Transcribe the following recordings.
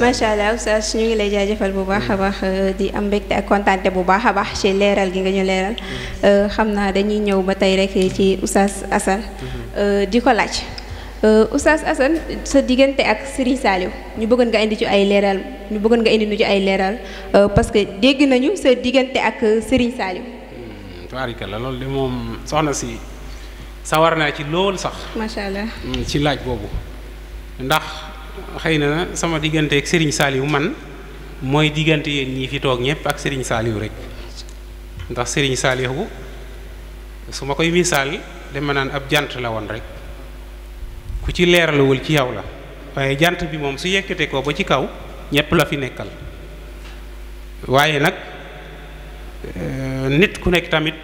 macha allah oustaz ñu ngi lay jaajëfal bu baax a hmm. baax euh, di am mbégte ak kontaante bu baax a baax ci leeral gi nga ñu leeral hmm. euh, xam naa dañuy ñëw ba tey rek ci oustaz Assane hmm. euh, di ko laaj oustaz Assane sa diggante ak Serigne Saliou ñu bëggoon nga indi ci ay leeral ñu bëggoon nga indi nu ci ay leeral parce que dégg nañu sa diggante ak Serigne Saliou la loolu de moom soxna si sawar naa ci lool sax macha allah ci laaj boobu ndax xeyna sama sama ak Serigne Saliou man moy digante yeen ñi fi tok ñëpp ak Serigne Saliou rek ndax Serigne Saliou su ma koy misaal dama naan ab jant la won rek ku ci wul ci yaw la waye jant bi mom su yekete ko ba ci kaw ñëpp la fi nekkal waye nak euh, nit ku nek tamit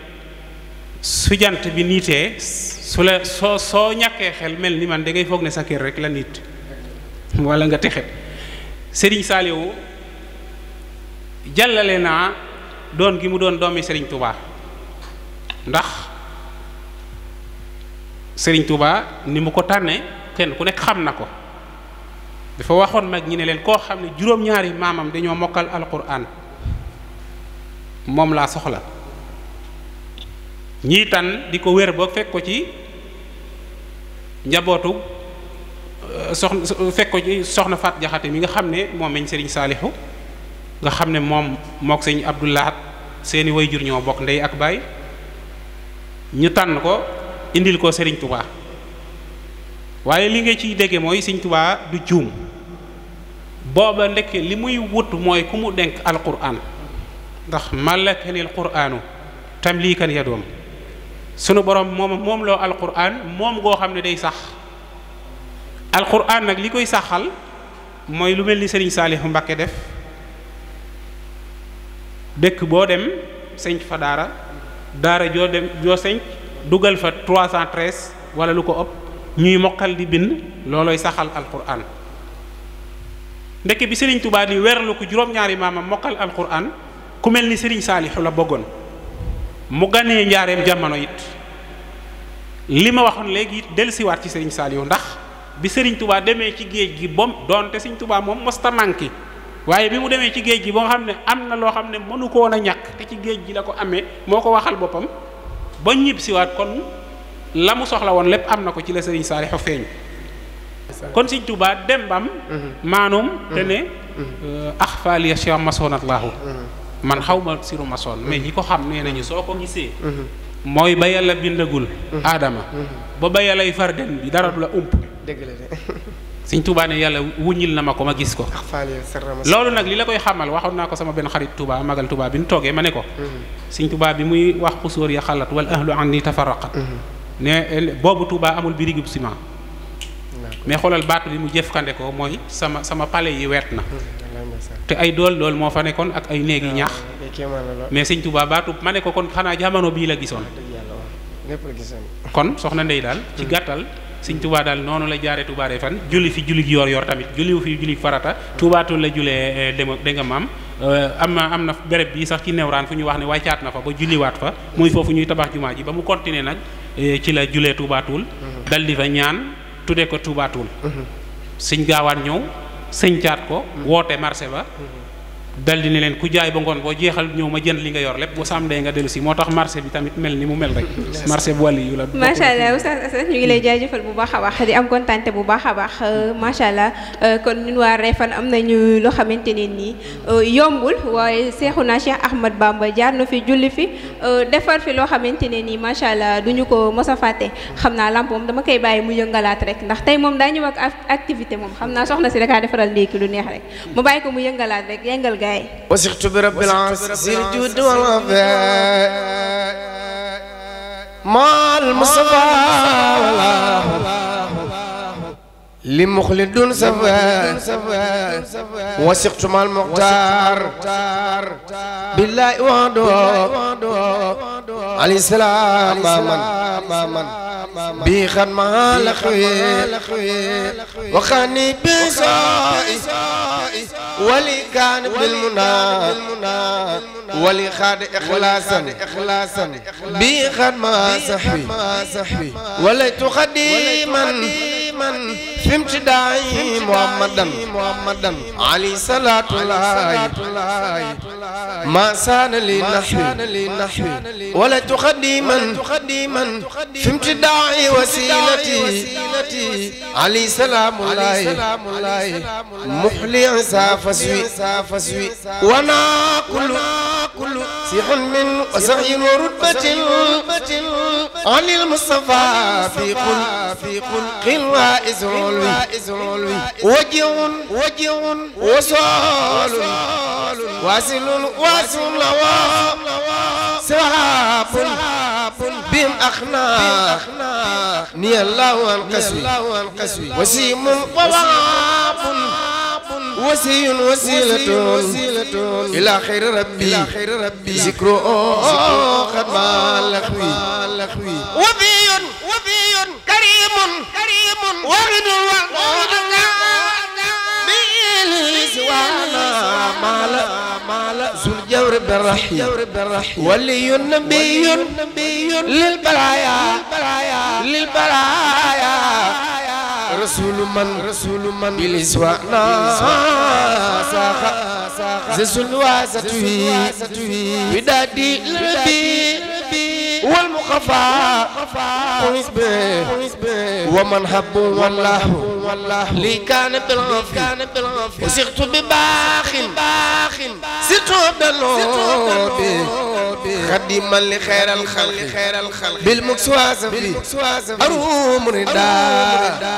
su jant bi nité su so so soo xel melni ni man da ngay fogné sa kër rek la nit wala nga texe sëriñ Saaliwu jàllale naa doon gi mu doon doomi sëriñ Touba ndax sëriñ Touba ni mu ko tànne kenn ku nekk xam na ko dafa waxoon mag ñi ne leen koo xam ne juróom-ñaari maamam dañoo mokkal alquran moom laa soxla ñii tànn di ko wér ba fekk ko ci njabootu sox fekk ko ci soxna Faat Jaxate mi nga xam ne moom meñ Serigne Saalihu nga xam ne moom mook Serigne Abdou Lahad seeni wayjur ñoo bokk ndey ak baay ñu tànn ko indil ko Serigne waaye li nga ciy dégge mooy Serigne du juum booba ndekk li muy wut mooy ku mu denk alquran ndax malakanil quraanu tamlikan yadoom sunu borom moom moom loo alquran moom goo xam ne day sax alquran nag li koy saxal mooy lu mel ni sëriñ Saalihu Mbakke def dëkk boo dem sënc fa daara daara joo dem joo sënc dugal fa 313 wala lu ko ëpp ñuy mokkal di bind loolooy saxal alquran ndeke bi sëriñ tubaab di werlu ko juróom-ñaari maamam mokkal alquran ku mel ni sëriñ Saalihu la bëggoon mu ganee njaareem jamono it li ma waxoon léegi it dellusiwaat ci sëriñ Saalihu ndax bi sëriñ tubaa demee ci géej gi bom donte sëriñ tubaa moom mosta manqué waaye bi mu demee ci géej gi ba xam ne am na loo xam ne mënu ko woon ñàkk te ci géej gi la ko amee moo ko waxal boppam ba ñib siwaat kon la mu soxla woon lépp am na ko ci la sëriñ saalixu feeñ kon sëriñ tubaa dembam mhm. maanum te ne mhm. euh, ax falia cheikh masonatlaahu mhm. man xaw ma siru masoon mais ñi ko xam nee nañu soo ko gisee mooy ba yàlla bindagul aadama ba ba yàllay farden bi dara dëgg la de. sëñ Touba ne yàlla wuññil na ma ko ma gis ko. Ah, loolu nag li la koy xamal waxoon naa ko sama benn xarit Touba magal Touba bi nu toogee ma ne ko. Mhm. sëñ tubaa bi muy wax xusóor ya xalat wal ahlu anni tafarraqat mhm. ne boobu tubaa amul bi birigub ciment. mais xoolal baatu bi mu jëfkande ko mooy sama sama palais yi wet na. Mhm, te ay dool dool moo fa nekkoon ak ay néegi ah, ñax. mais sëñ tubaa baatu ma ne ko kon xanaa jamono bii la gisoon. kon soxna Ndeye daal ci gàttal. sëñ Touba daal noonu la jaaree Touba day fan julli fi julli gi yor-yor tamit julli fi julli farata Toubatul la julee eh, dem da nga maam eh, am na am na béréb bi sax ci Newraan fu ñu wax ne wàccaat na fa ba julliwaat fa muy foofu ñuy tabax jumaa ji ba mu continuer nag eh, ci la julee Toubatul. Mhm. dal di fa ñaan tuddee ko Toubatul. Mhm. sëñ gaawaan ñëw sëñcaat ko. Mhm. woote marché ba. dal ne leen ku jaay ba ngon bo jeexal ñew ma jënd li nga yor lepp bu samdee nga delu si motax marché bi tamit mel ni mu mel rek marché bu wali yu la sha allah oustaz asas ñu ngi lay jaajëfal bu baaxa baax di am contenté bu baax euh, ma sha allah euh, kon ñun wa reefan am nañu loo xamante ne euh, yombul way cheikhuna cheikh ahmad bamba jaar na fi julli fi defar fi lo xamante ni ma sha allah duñu ko mos faté xamna xam naa dama kay bàyyi mu yëngalaat rek ndax tay mom dañu wak activité mom xamna soxna ci rek a defaral ndéeki lu neex rek mu bàyyi ko mu yëngalaat rek yëngal gaay wasixtu bi rabbil asir juud wal afaa maal mustafa لمخلد سفا وسقت مع المختار بالله وحده علي السلام امان بيخن مع الاخوي وخاني بصائي ولي كان بالمنى ولي خاد اخلاصا اخلاصا بيخن مع صحبي وليت خديما في امتداعي محمدا محمدا علي صلاة الله ما سان لي نحوي ولا تقدما تقدما في امتداعي وسيلتي علي سلام الله محلي عسى فسوي وانا كل كل سيح من وسعي ورتبة علي المصطفى في قل في قل قل وائز وجه وجه وصال واصل واصل سحاب بهم أخناق ني الله عن وسيم وواب وسي وسيلة إلى خير ربي ذكره قد ما لخوي وفي بالرحيم ولي نبي للبرايا للبرايا رسول من رسول من بالإسوانا ساخا زسل واسطوي ودادي للبي والمخفى ومن حب والله لي كان بالغفي وسقت بباخ سقت بالنوبي خديما لخير الخلق بالمكسوازة أروم رداء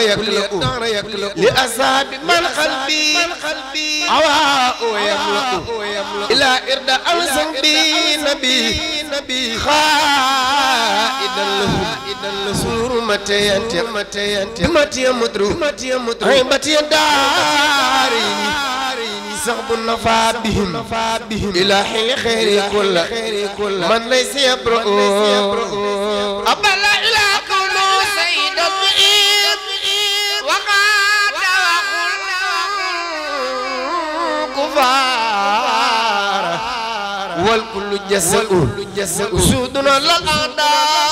يكلؤ لأصحاب من قلبي عواء يملؤ إلى إرد ألزم بي نبي خائدا لهم سور متى ينتم متى ينتم متى يمدرو متى يمدرو متى يداري سحب النفا بهم إلى حين خير كل من ليس يبرؤ الكفار والكل جسد سودنا للأعداء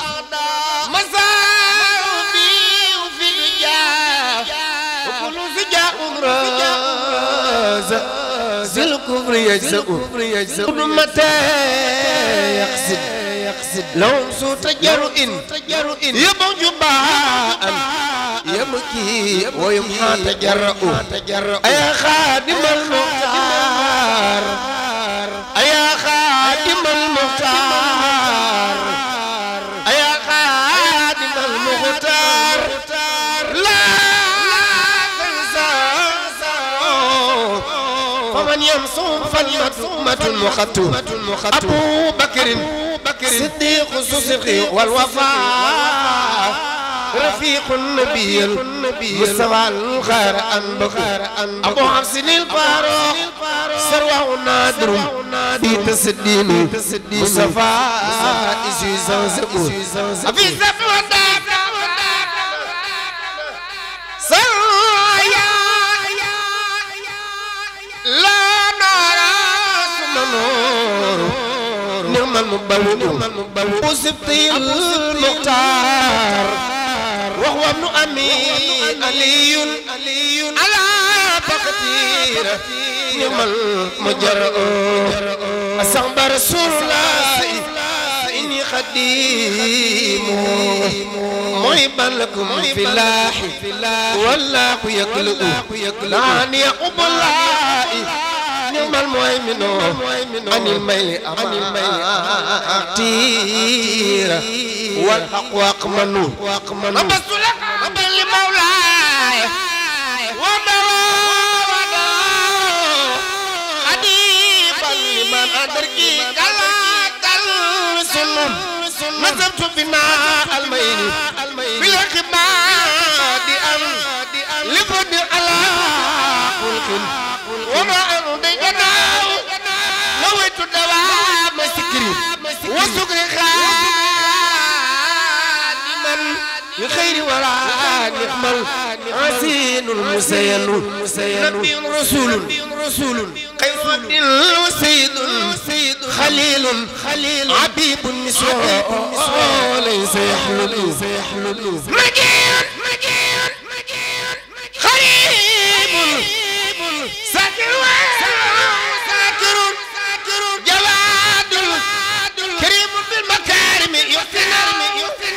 مساء في الرجاء وكل فجاء راز الكفر يجزأ كل متى يقصد لهم سوء تجرؤ يبعج باء يبكي ويمحى تجرؤ أي خادم الخطر المختار يا خادم المختار يا خادم المختار لا تنسى فمن يمصوم فالمدومة مخطو أبو بكر صديق صديق والوفاء رفيق النبي المستوى الخير أن بخير أبو حسن الفاروق سروعنا درو في تسدين مصطفى إسي زنزبو أبي زنزبو سوايا لا نرى سمنور نعم المبلغ وصبت المختار وهو ابن أمين علي على بقتير يوم المجرء أصحب رسول الله إني خديم محبا لكم في الله والله يقلق لأن يقبل نعم المؤمن عن الميل عن الميل أعتير والحق وأقمنه أبس لك الحب مع المين بالعقباد أم لفد على خلق وما أرضي أنا نويت دوام سكري وسكري لخير وراء نقبل عزين المسيل نبي رسول رسول خير عبد وسيد خليل خليل حبيب النساء ليس يحلل مجير مجير خريب ساكر ساكر ساكر جواد كريم بالمكارم يوسف يوسف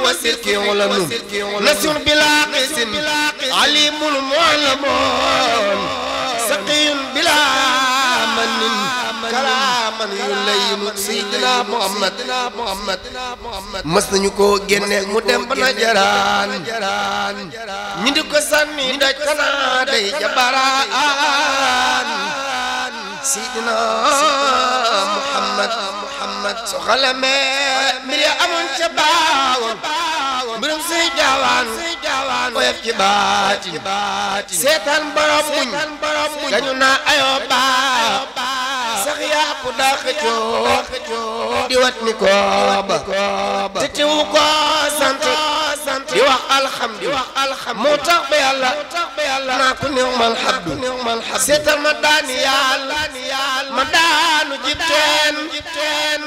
وسلكي ولنم نسر بلا قسم عليم معلم Seydina Muhammad mas nañu ko génne mu dem ba Najaraan ñi di ko sànni daj xanaa day jabaraan Seydina Muhammad so xalame mbir ya amoon ca baawoon mbirum suy jaawaan oyof ci baatin seetaan borom muñ ayoo baa sax yaa ko dàq coow di wat ni kooba te teew ko sant di wax alhamdulilah moo tax ba yàlla naa ko néew mal xabdu seetal ma daani yàlla ma daanu jibteen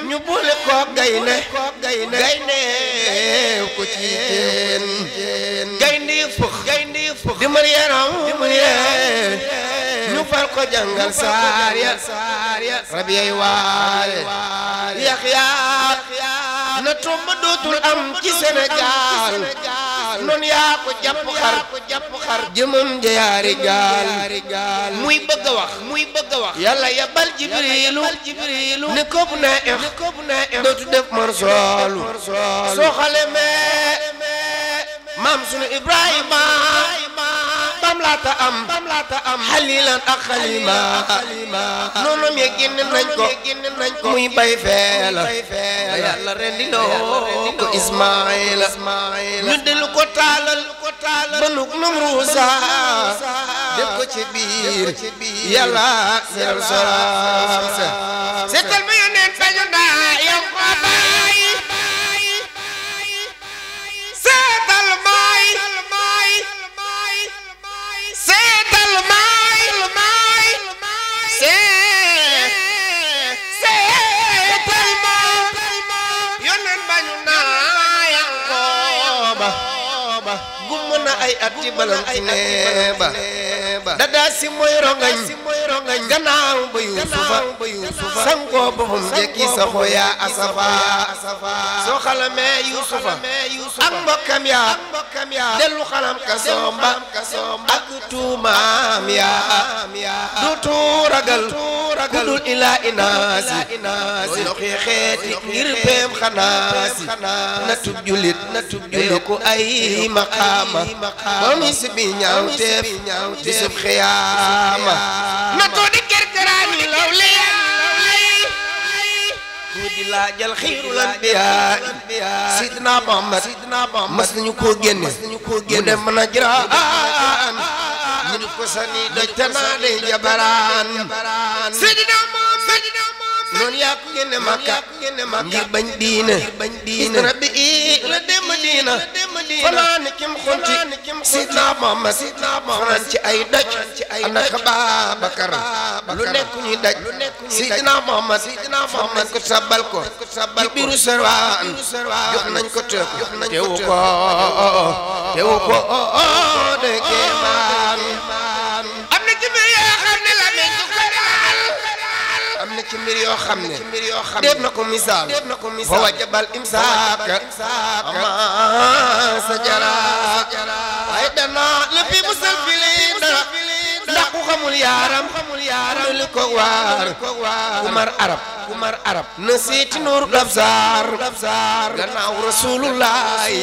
ñu boole ko gaynde gaynde ko ci teen gaynde fëx di ma yeeram di ma yeer noon yaa ko jàpp xar jàpp xar jëmam jayaari muy bëgg a wax muy bëgg a wax yàlla yabal jibrilu ne koob naa ex dootu def mar soolu soo xale maam sunu Ibrahima laata am xalilan ak xalima noonam ya génn nañ ko muy bay feela la yàlla rendiloo ko Ismaayla ñu dellu ko taalal ba nu Namruusa def ko ci biir yàlla seral soraam sa seetal ma yoneen sañu daa yow balam ci nee ba dadaa si mooy rongañ gannaaw ba yuusufa sangoo boppam jekki saxoo yaa asafa soo xalamee yuusufa ak mbokkam yaa dellu xalam ka somba ak tuumaam yaa du tuuragal ilaa inaasi loxi xeeti ngir peem xanaasi na tub julit na tub julit ay maqaama ba mis bi ñaawteef bisub xiyaama la jal xayrul anbiyaa sidna Muhammad mas nañu koo génne mu dem mën a jiraan ñu ni ko sani doj te naa lay jabaraan sidna Muhammad noonu yaa ko génne Makka ngir bañ diine is rabbi ii la dem diina falaani kim xunti sidna Muhammad fanaan ci ay daj ana ka Baabakar lu nekk ñuy daj sidna Muhammad fan nañ ko sabbal ko ci biiru sarwaan jox nañ ko te teewu ko teewu ko de kemaan am na ci biir na ci mbir yoo xam ne déet na ko misaal wa wajabal imsaaka amaa sa jaraa ay dana lépp musal fili dara ndax ku xamul yaaram lu ko waar kumar arab kumar arab na seeti nuur labsaar gannaaw rasulullaay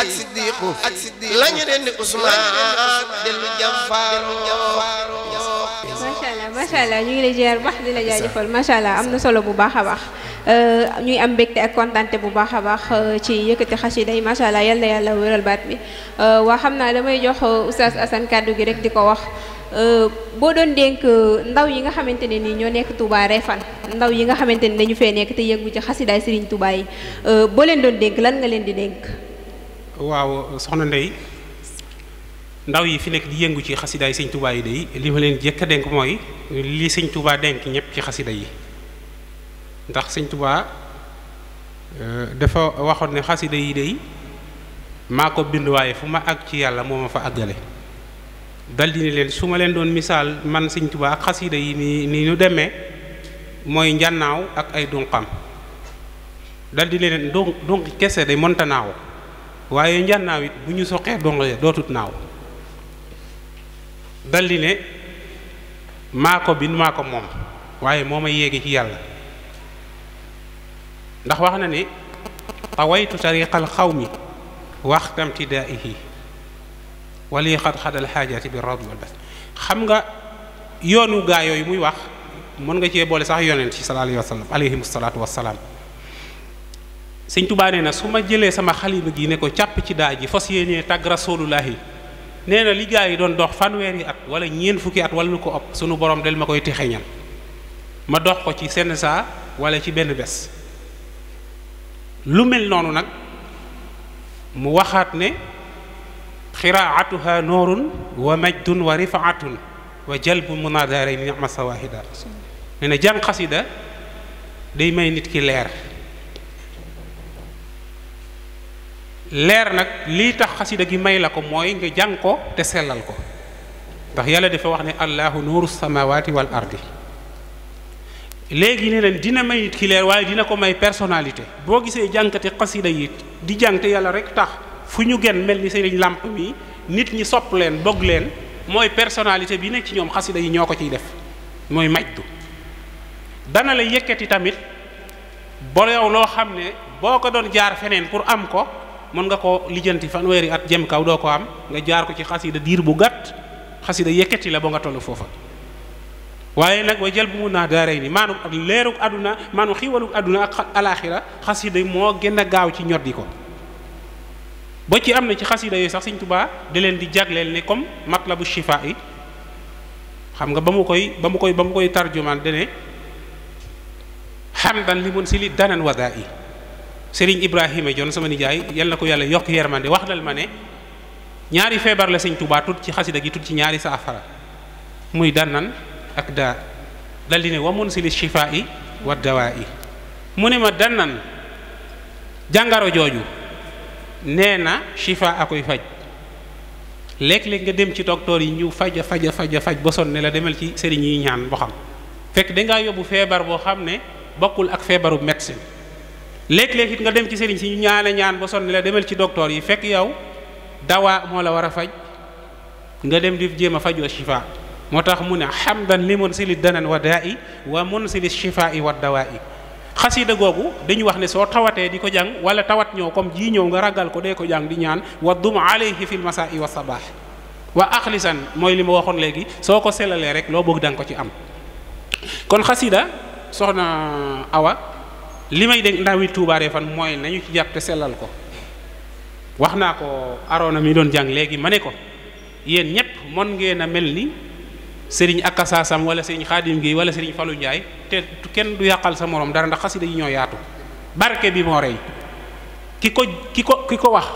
ak siddiqu lañu rendi usmaan dellu jamfaaroo macha allah ñu ngi lay ziar baax di la jaajëfal macha allah am na solo bu baax a baax. Euh, ñuy am mbégte ak kontante bu baax a baax euh, ci yëkkati xasida yi macha allah yal na yàlla waral baat bi euh, waa xam naa damay jox oustaz Assane kàddu gi rek di ko wax. boo doon dénk ndaw yi nga xamante ne nii ñoo nekk Touba Refane ndaw yi nga xamante ni dañu fee nekk te yëngu ci xasidaay Serigne Touba yi boo leen doon dénk lan nga leen di dénk. waaw soxna Ndeye. ndaw yi fi nekk di yëngu ci xasida yi sëñ Touba yi day li ma leen jëkk a dénk mooy li sëñ Touba dénk ñëpp ci xasida yi ndax sëñ Touba euh, dafa waxoon ne xasida yi day maa ko bind waaye fu ma àgg ci yàlla moo ma fa àggale daldi di leen su ma leen doon misaal man sëñ Touba ak xasida yi nii nii ñu demee mooy njannaaw ak ay dunqam daldi di leen donc donc kese day mënta naaw waaye njannaaw it bu ñu soqee donc dootut naaw daldi ne bin ko bind maa ko moom waaye moo ma yéegi ci yàlla ndax wax na ne tawaytu tariqal xawmi waxtam tidaihi wali xad xadal xaajaati bi radd wal bas xam nga yonu ga yoy muy wax mon nga ci bolé sax yonent ci sallallahu alayhi wa sallam msallatu salaatu wasalaam sëñ tubaa na suma ma sama xalima gi ne ko ciap ci daaji fasiyene tag rasulullahi neena na liggéey doon dox fanweeri at wala ñeen fukki at wala ko op sunu borom del makoy koy texeñal ma dox ko ci sen sa wala ci benn bés lu mel nonu nak mu waxat ne khira'atuha nurun wa majdun wa rif'atun wa jalbu munadarayn ni'ma sawahida neena na jàng xasida day may nit ki leer leer nag lii tax xasida gi may la ko mooy nga jàng ko te sellal ko ndax yàlla dafa wax ne allahu nuuru samawati wal ardi léegi ne leen dina may nit ki leer waaye dina ko may personnalité boo gisee jànkati xasida yi di jàng te yàlla rek tax fu ñu gen mel ni sëriñ làmp mi nit ñi sopp leen bëgg leen mooy personnalité bi nekk ci ñoom xasida yi ñoo ko ciy def mooy majdu dana la yëkkati tamit ba yow loo xam ne boo ko doon jaar feneen pour am ko mën nga koo lijjanti fanweeri at jem kaw doo ko am nga jaar ko ci xasida diir bu gàtt xasida yëkkati la ba nga toll foofa waaye nag way jël bu mun naa daaray ni maanu ak leerug àdduna maanu xiiwalug àdduna ak alaaxira xasida moo gën a gaaw ci ñoddi ko boo ci am na ci xasida yooyu sax Sëriñ Tuubaa da leen di jagleel ni comme bu shifaa yi xam nga ba mu koy ba mu koy ba mu koy tarjumaan dene xamdan li mun si li danan wadaa yi sëriñ Ibrahima Jon sama nijaay yal na ko yàlla yokk yermande wax dal ma ne ñaari feebar la sëñ Tuubaa ci xasida gi tut ci ñaari saafara muy dannan ak daa dal di ne wamun si shifaa yi wa dawaa yi mu ne ma dannan jàngaro jooju nee na shifaa a faj léeg-léeg nga dem ci docteur yi ñu faja faja faja faj ba ne la demal ci sëriñ yi ñaan boo xam fekk dangaa yóbbu feebar boo xam ne bokkul ak feebaru médecine léeg-léeg it nga dem ci sëriñ si ñu ñaane ñaan ba sonn la demal ci docteur yi fekk yow dawaa moo la war a faj nga dem di jéem a faj wa shifa moo tax mu ne xam li mun si li danan wa daa i wa mun si li shifa i wa dawaa i xasida googu dañu wax ne soo tawatee di ko jàng wala tawat ñëw comme ji ñëw nga ragal ko dee ko jàng di ñaan wa dum alayhi fil i wa sa sabaax wa axlisan mooy li ma waxoon léegi soo ko selalee rek loo bëgg danga nga ko ci am awa li may dénk ndawi Touba fan mooy nañu ci jàpp te sellal ko wax naa ko aroona mi doon jàng léegi ma ne ko yéen ñépp mën ngeen a mel ni sëriñ akasaasam wala sëriñ xaadim gi wala sëriñ falu njaay te kenn du yàqal sa moroom dara ndax xasida yi ñoo yaatu barke bi moo rey ki ko ki ko ki ko wax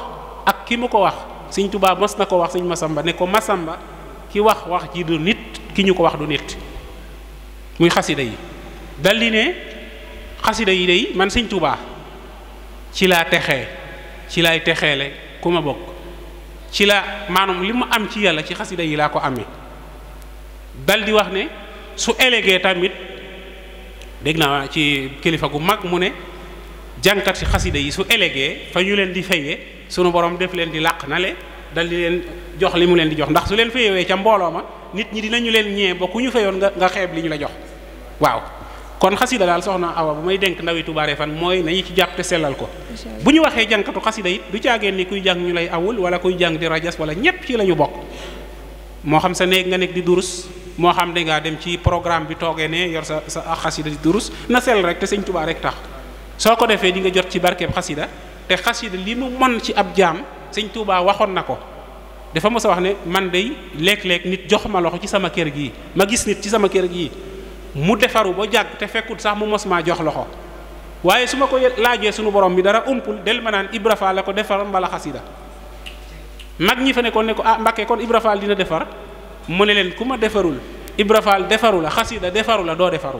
ak ki mu ko wax sëriñ Touba mas na ko wax sëriñ Masamba ne ko Masamba ki wax wax ji du nit ki ñu ko wax du nit muy xasida yi daldi ne xasida yi day man sëñ Tuubaa ci laa texe ci laay texeele ku ma bokk ci la maanaam li mu am ci yàlla ci xasida yi laa ko amee dal di wax ne su élégué tamit dégg naa ci kilifa gu mag mu ne jànkat si xasida yi su élégué fa ñu leen di fayee sunu borom def leen di làq na le dal di leen jox li mu leen di jox ndax su leen fayewee ca mbooloo ma nit ñi dinañu leen ñee ba ku ñu fayoon nga nga xeeb li ñu la jox waaw kon xasida daal soxna awa bu may denk ndawi Tuubaa fan mooy nañu ci jàpp te sellal ko bu ñu waxee jànkatu xasida it du caageen ni kuy jàng ñu lay awul wala kuy jàng di rajas wala ñépp ci la bokk moo xam sa néeg nga nekk di durus moo xam dangaa dem ci programme bi toogee ne yor sa sa xasida di durus na sell rek te sëñ Tuubaa rek tax soo ko defee di nga jot ci barkeeb xasida te xasida li mu mën ci ab jaam sëñ Tuubaa waxoon na ko dafa mos a wax ne man day léeg-léeg nit jox ma ci sama kër gii ma gis nit ci sama kër gii mu defaru ba jàgg te fekkut sax mu mos maa jox loxo waaye su ma ko laajee sunu borom bi dara umpul del ma naan Ibra Faal la ko defar mbala xasida nag ñi fa nekkoon ne ko ah Mbàkke kon Ibra Faal dina defar mu ne leen ku ma defarul Ibra Faal defaru xasida defaru la doo defaru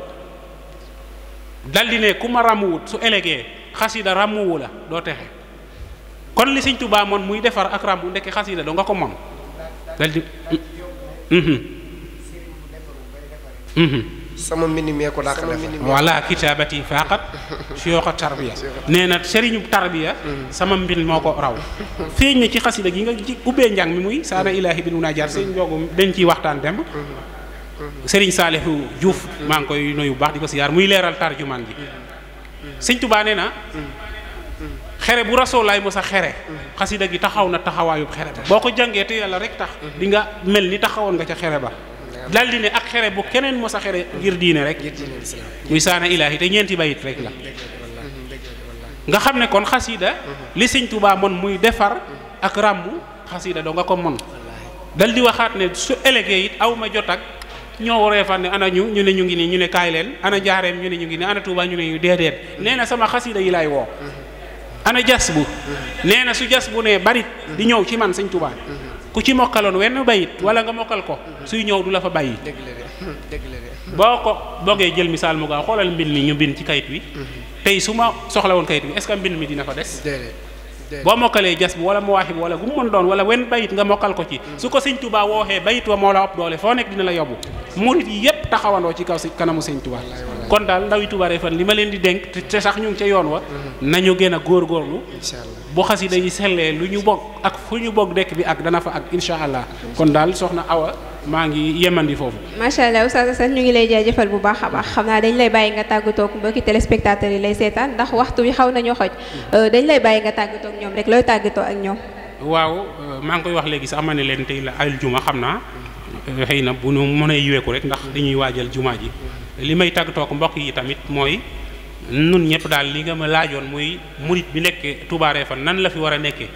daldi ne ku ma ràmmuwut su elegee xasida ràmmuwu la doo texe kon li Sëñ Tuubaa moon muy defar ak ràmmu ndekki xasida doo nga ko moom dal di mm-hmm. Mm-hmm. sama mbind mee ko dàq defar walla kitaabati faqat siyooxa tarbiya nee na sëriñu tarbiya mm-hmm. sama mbind moo ko raw feeñ na ci xasida gi nga ci ubbee njàng mi muy saana mm-hmm. ilaahi bin munaajaar mm-hmm. sëriñ joogu ciy waxtaan demb sëriñ saalihu juuf maa ngi koy nuyu baax di ko siyaar muy leeral tarjumaan ji sëñ Tuubaa nee na xere bu rasoolaay mos a xere xasida gi taxaw na taxawaayub xere ba boo ko jàngee te yàlla rek tax di nga mel ni taxawoon nga ca xere ba dal ne ak xere bu keneen mos a xere ngir diine rek muy saana ilaahi te ñeenti bayit rek la nga xam ne kon xasiida li Sëñ Tuubaa mon muy defar ak ràmbu xasida doo nga ko mon dal di waxaat ne su elegee it aw ma jot ak ñoo waree fan ne ana ñu ñu ne ñu ngi nii ñu ne kaay leen ana jaareem ñu ne ñu ngi nii ana Tuubaa ñu ne ñu déedéet nee na sama xasida yi laay woo ana jas bu nee na su jas bu ne barit di ñëw ci man Sëñ Tuubaa ku ci mokkaloon wenn bayit wala nga mokkal ko suy ñëw du la fa bàyyi boo ko boogee jël misaal mu gaaw xoolal mbind mi ñu bind ci kayit wi mhm. tey su ma soxla woon kayit wi est mbind mi dina fa des boo mokkalee jas bi wala mu waaxi bi wala gu mu doon wala wenn bayit nga mokkal ko ci mhm. su ko sëñ Tuubaa wooxee bayit wa moo la ëpp doole foo nekk dina la yobbu murit yi yépp taxawandoo ci kaw si kanamu sëñ Tuubaa kon daal ndawi Touba Refane li ma leen di dénk te sax ñu ngi ca yoon wa mm-hmm. nañu gën a góorgóorlu bu xasida yi dañuy sellee lu ñu bokk ak fu ñu bokk dekk bi ak dana fa ak insha allah kon daal soxna Awa maa ngi yemandi foofu macha allah Oustaz Assane ñu ngi lay jaay jaajëfal bu baax a baax xam naa dañ lay bàyyi nga tàggatoo ak mbokki téléspectateur yi lay seetaan ndax waxtu wi xaw nañu xoj mm-hmm. euh, dañ lay bàyyi nga tàggatoo ak ñoom rek looy tàggatoo ak ñoom waaw euh, maa ngi koy wax léegi sax ma ne leen tey la aljuma xam naa euh, xëy na bu ñu mën a yiweeku rek ndax dañuy waajal juma ji li may tàggatoog mbokk yi tamit mooy nun ñëpp daal li nga ma laajoon muy murit bi nekk Touba fan nan la fi war a nekkee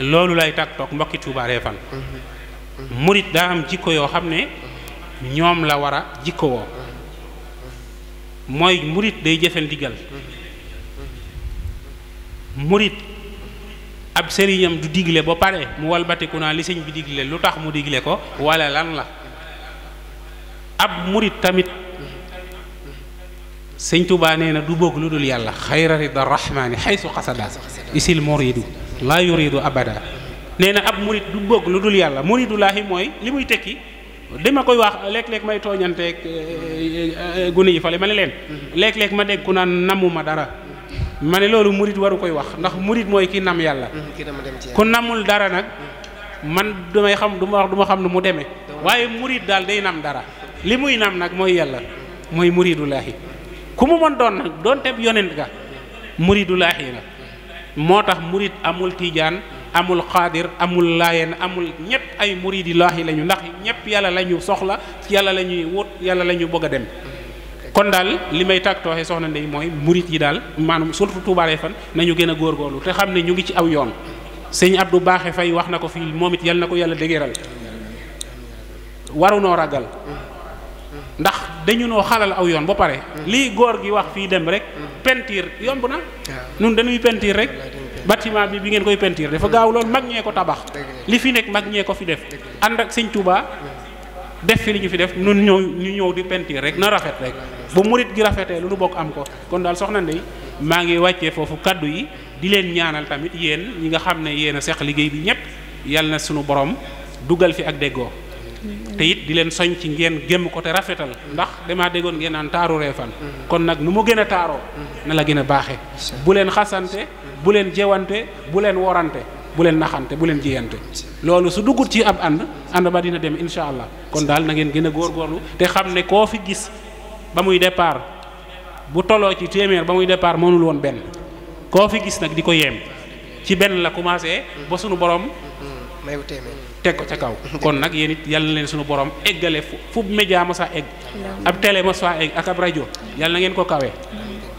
loolu lay tàggatoog mbokki Touba Refane murit daa am jikko yoo xam ne ñoom la war a jikko woo mooy murit day jëfe ndigal murit ab sëriñam du digle ba pare mu walbatiku naa li sëñ bi digle lu tax mu digle ko wala lan la ab murit tamit sëñ Touba nee na du bëgg lu dul yàlla xayra rida rahmaani xaysu xasada isil muridu laa yuridu abada nee na ab murit du bëgg lu dul yàlla muridulaahi mooy li muy tekki dama koy wax léeg-léeg may tooñanteeg gune yi fale ma ne leen léeg-léeg ma dégg ku naan namuma dara ma ne loolu murit waru koy wax ndax murit mooy ki nam yàlla ku namul dara nag man damay xam du ma wax du ma xam nu mu demee waaye murit daal day nam dara li muy nam nag mooy yàlla mooy muridulaahi ku mu mën doon nag doon teb yonent ga muridu laahi la moo tax murid amul tiijaan amul xaadir amul laayeen amul ñëpp ay muridi laahi lañu ndax ñëpp yàlla la ñu soxla yàlla la ñuy wut yàlla la ñu bëgg a dem kon daal li may tàgtooxee soxna ndey mooy murit yi daal maanaam surtout Touba Refane nañu gën a góorgóorlu te xam ne ñu ngi ci aw yoon sëñ Abdou Baaxe Fay wax na ko fii moom it yal na ko yàlla dégéral waru noo ndax dañu no xalal aw yoon ba pare mm. li gor gi wax fi dem rek mm. pentir yomb na nun dañuy pentir rek bâtiment bi bi ngeen koy pentir dafa mm. gaaw lool mag ñee tabax li fi nek mag ñee ko fi def and ak seigne touba def fi li ñu fi def nun ñoo ñu di pentir rek na rafet rek bu murit gi rafeté lu nu bokk am ko kon dal soxna ndey ma ngi wacce fofu kaddu yi di len ñaanal tamit yen, ñi nga xamne ne yéen a bi ñep yàlla na borom dugal fi ak deggo te di leen soñ ci ngeen gémm ko te rafetal ndax damaa déggoon ngeen naan taaru reefan kon nag nu mu gën a taaroo na la gën a baaxee bu leen xasante bu leen jewante bu leen worante bu leen naxante bu leen jiyante loolu su duggut ci ab ànd ànd ba dina dem incha allah kon daal na ngeen gën a góor góorlu te xam ne koo fi gis ba muy départ bu tolloo ci téeméer ba muy départ mënul woon benn koo fi gis nag di ko yem ci benn la commencé ba sunu borom mayu téeméer teg ko ca kaw kon nak yeen it yalla len suñu borom eggale fu média ma sa egg ab télé ma sa egg ak ab radio yalla ngeen ko kawé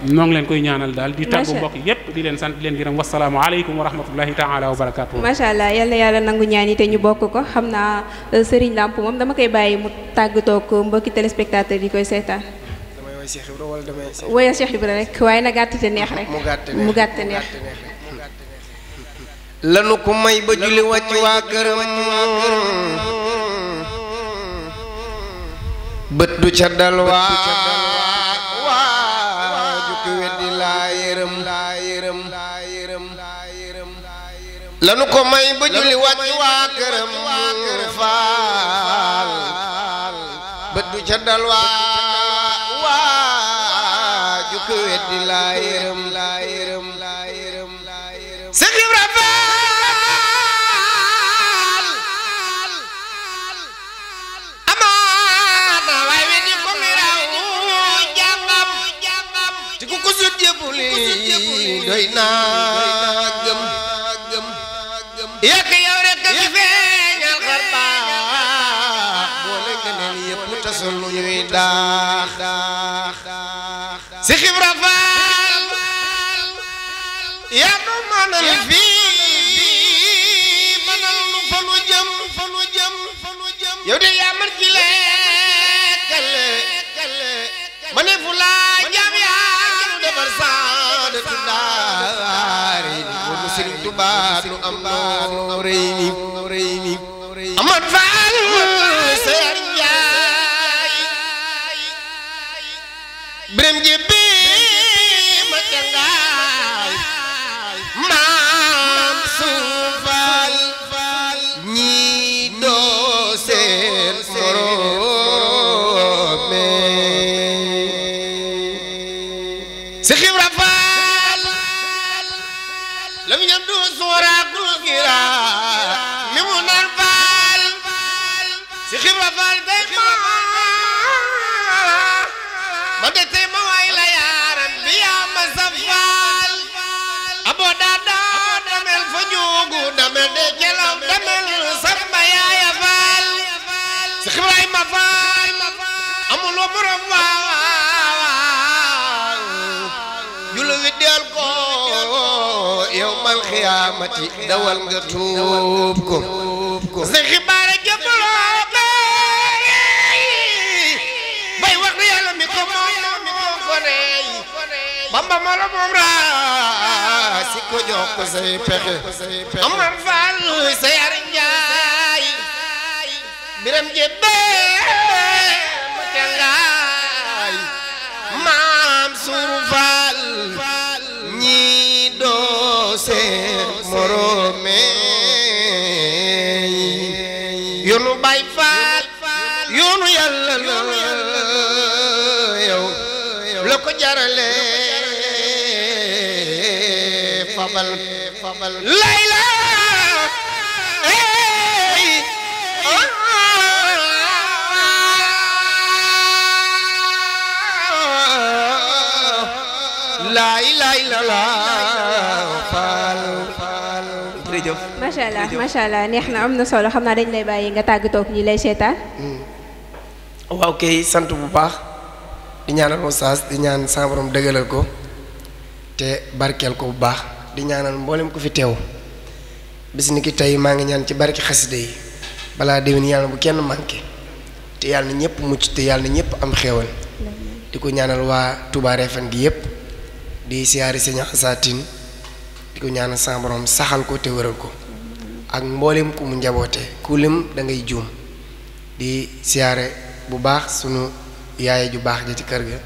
noo ngi koy ñaanal dal di tàggu mbokk yépp di len sant di len giram wassalamu alaykum wa rahmatullahi taala wa barakatuh sha allah yal yalla yàlla nangu ñaan te ñu bokk ko xamna naa euh, sëriñ làmp moom dama kay bayyi mu tàggatoo ko mbokk téléspectateur di koy seetaan damay way Cheikh ibrahim wala damay way Cheikh ibrahim rek way na neex rek mu mu neex lanu ko may ba julli wàcc waa këram du ca dal waa waa jukki weddi ko may ba julli daax si xibra faal yaa nu manal fii manal nu fa nu jëm fa nu jëm fa nu jëm yow de yaa man ci lekkal ma ne fu laa jaam yaa nu defar saadatu daari bu nu Sëriñ Tuubaa nu am noonu rëy ni Amad Faal borom waaw julu wi del ko yowmal xiyaamati dawal nga tuub ko sa xibaara jëbaloo bëri bay wax na fabal fabal layla la ilaha illallah fal fal jërëjëf macha allah macha allah neex na am na solo xam naa dañ lay bàyyi nga tàggatoo ak ñi lay seetaan hmm. waaw kay sant bu baax di ñaanal oustaz di ñaan sa borom dëgëral ko te barkeel ko bu baax di ñaanal mboolem ku fi teew bis ni ki tey maa ngi ñaan ci barki xasida yi balaa déwén yàlla bu kenn manqué te yàlla na ñëpp mucc te yàlla na ñëpp am xéewal di ko ñaanal waa Touba Refane gi yëpp di siyaari Sëñ Asaatin di ko ñaanal sa saxal ko te wëral ko ak mboolem ku mu njaboote ku lim da juum di siyaare bu baax sunu yaay ju baax ja ci kër ga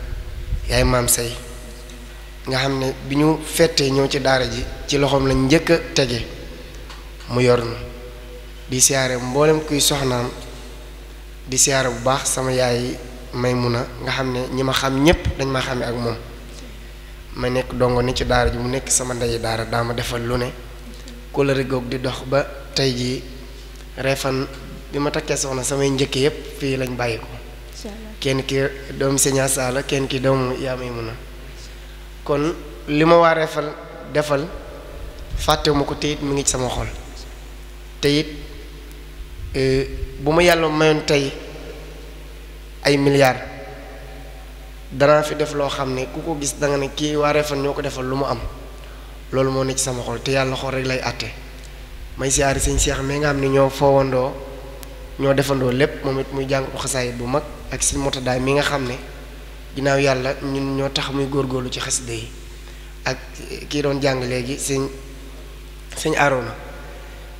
yaay maam say nga xam ne bi ñu fettee ñëw ci daara ji ci loxoom lañ njëkk a tege mu yor na di siyaare mboolem kuy soxnaam di siyaare bu baax sama yaay may Maymuna nga xam ne ñi ma xam ñépp dañ ma xame ak moom ma nekk dongo ni ci daara ji mu nekk sama ndeyi daara daa ma defal lu ne kóllëre goog di dox ba tey jii reefan bi ma takkee soxna samay njëkk yépp fii lañ bàyyi ko kenn ki doom Sëñ Saala kenn ki doomu yaa Maymuna kon li ma waree fal defal fàttewuma ko te mu ngi ci sama xol te it e, bu ma yàlla mayoon tey ay milliards danaa fi def loo xam ne ku ko gis da ne kii waree fal ñoo ko defal lu mu am loolu moo ne ci sama xol te yàlla xol rek lay àtte may siyaari sëñ Cheikh mais nga xam ne ñoo foowandoo ñoo defandoo lépp moom it muy jàng ko bu mag ak si motodaay mi nga xam ne ginnaaw yàlla ñun ñoo tax muy góorgóorlu ci xasida yi ak kii doon jàng léegi sëñ sëñ Arona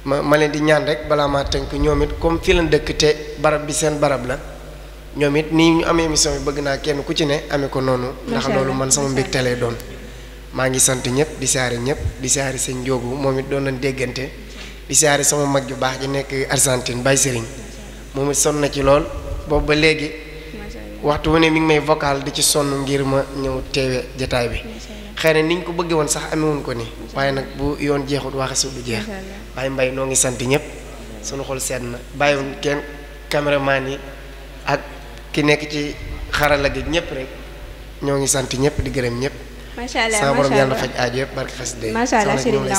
ma ma leen di ñaan rek balaa maa tënk ñoom it comme fi leen dëkk te barab bi seen barab la ñoom it nii ñu amee émission bi bëgg naa kenn ku ci ne amee ko noonu. ndax loolu man sama mbégte lay doon. maa ngi sant ñëpp di siyaare ñëpp di siyaare sëñ Njóobu moom it doon nañ déggante di siyaare sama mag ju baax ji nekk Argentine Baye moom it sonn ci lool boobu waxtu wu ne mi ngi may vocal di ci sonn ngir ma ñëw teewe jataay bi xëy na niñ ko bëggee woon sax amewuñ ko ni waaye nag bu yoon jeexut waxe su du jeex waaye mbay noo ngi sant ñëpp sunu xol sedd na bàyyi bàyyiwuñ kenn caméraman yi ak ki nekk ci xarala gi ñëpp rek ñoo ngi sant ñëpp di gërëm ñëpp macha allah sama borom yàlla na faj aajo yëpp allah sëriñ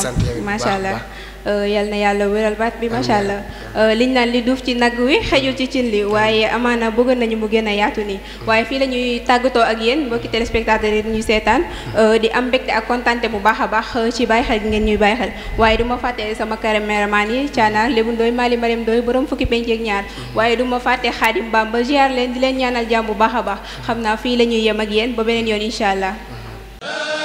allah yal na allah liñ naan li duuf ci nag wi xejul ci cin li waaye amaana bëggoon nañu mu gën a yaatu hmm. hmm. eh, di am mbégte ak kontante bu baax a baax eh, ci bàyyi xel gi ngeen sama caméraman yi caanaar lébu ndooy maali mariam ndooy borom fukki penc ak ñaar hmm. waaye du ma fàtte xaadim bamba ziar leen di leen ñaanal jàmm bu baax allah Hey!